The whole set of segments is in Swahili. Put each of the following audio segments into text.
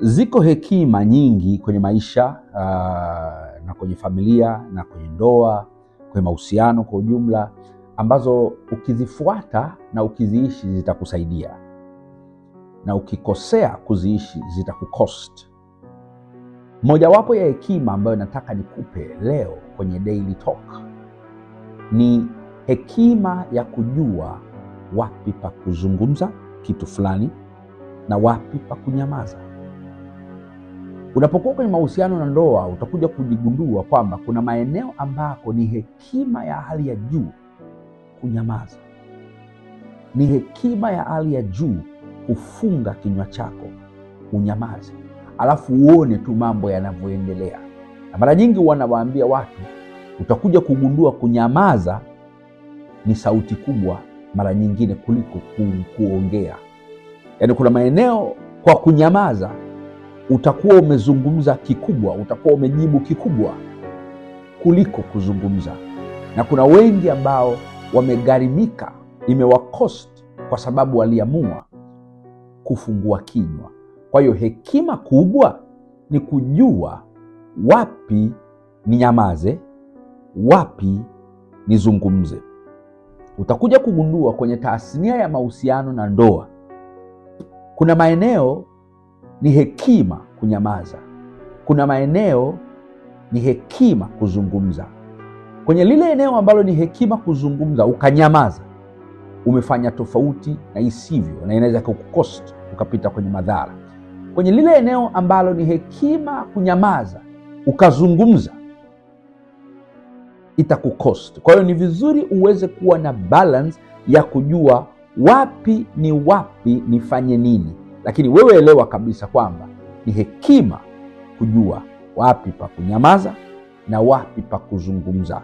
Ziko hekima nyingi kwenye maisha uh, na kwenye familia na kwenye ndoa, kwenye mahusiano kwa ujumla, ambazo ukizifuata na ukiziishi zitakusaidia, na ukikosea kuziishi zitakukost. Mojawapo ya hekima ambayo nataka nikupe leo kwenye Daily Talk ni hekima ya kujua wapi pa kuzungumza kitu fulani na wapi pa kunyamaza. Unapokuwa kwenye mahusiano na ndoa, utakuja kujigundua kwamba kuna maeneo ambako ni hekima ya hali ya juu kunyamaza, ni hekima ya hali ya juu kufunga kinywa chako, unyamaze, alafu uone tu mambo yanavyoendelea. Na mara nyingi wanawaambia watu, utakuja kugundua kunyamaza ni sauti kubwa mara nyingine kuliko ku, kuongea. Yaani kuna maeneo kwa kunyamaza utakuwa umezungumza kikubwa, utakuwa umejibu kikubwa kuliko kuzungumza. Na kuna wengi ambao wamegharimika, imewakost kwa sababu waliamua kufungua kinywa. Kwa hiyo hekima kubwa ni kujua wapi ni nyamaze wapi nizungumze. Utakuja kugundua kwenye tasnia ya mahusiano na ndoa kuna maeneo ni hekima kunyamaza. Kuna maeneo ni hekima kuzungumza. Kwenye lile eneo ambalo ni hekima kuzungumza ukanyamaza, umefanya tofauti na isivyo, na inaweza kukukosti ukapita kwenye madhara. Kwenye lile eneo ambalo ni hekima kunyamaza ukazungumza, itakukost. Kwa hiyo ni vizuri uweze kuwa na balance ya kujua wapi ni wapi nifanye nini, lakini wewe elewa kabisa kwamba ni hekima kujua wapi pa kunyamaza na wapi pa kuzungumza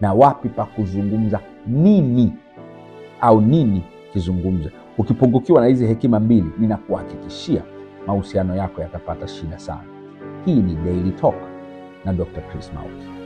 na wapi pa kuzungumza nini au nini kizungumza. Ukipungukiwa na hizi hekima mbili, ninakuhakikishia mahusiano yako yatapata shida sana. Hii ni Daily Talk na Dr. Chris Mauki.